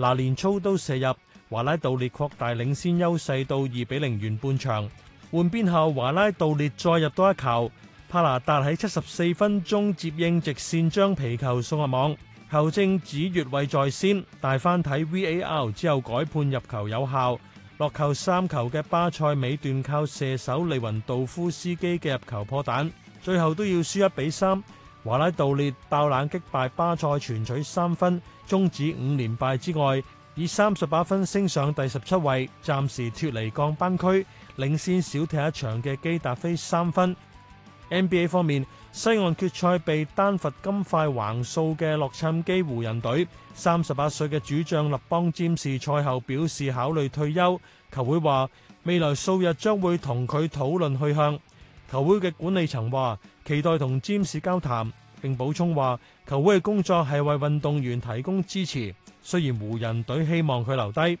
嗱，連操都射入，華拉度列擴大領先優勢到二比零完半場。換邊後，華拉度列再入多一球。帕拿達喺七十四分鐘接應直線將皮球送入網，球證指越位在先，大翻睇 VAR 之後改判入球有效。落球三球嘅巴塞尾段靠射手利雲道夫斯基嘅入球破蛋，最後都要輸一比三。華拉度列爆冷擊敗巴塞，全取三分，終止五連敗之外，以三十八分升上第十七位，暫時脫離降班區，領先少踢一場嘅基達菲三分。NBA 方面，西岸決賽被丹佛金塊橫掃嘅洛杉磯湖人隊，三十八歲嘅主將勒邦占士賽後表示考慮退休，球會話未來數日將會同佢討論去向。球會嘅管理層話。期待同占士交談，並補充話，球會嘅工作係為運動員提供支持。雖然湖人隊希望佢留低。